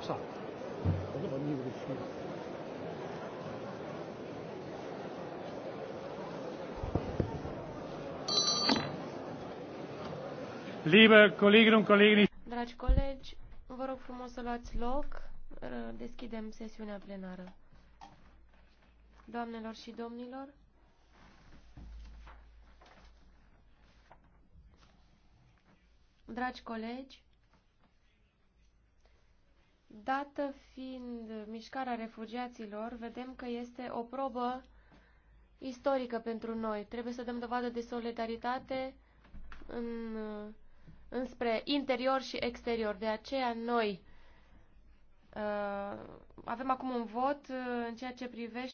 Absatz. Das ist aber nie geschrieben. Liebe Kolleginnen und Kollegen, Dragi colegi, vă rog frumos să luați loc. Deschidem sesiunea plenară. Doamnelor și domnilor, dragi colegi, Dată fiind mișcarea refugiaților, vedem că este o probă istorică pentru noi. Trebuie să dăm dovadă de solidaritate în, înspre interior și exterior. De aceea noi uh, avem acum un vot uh, în ceea ce privește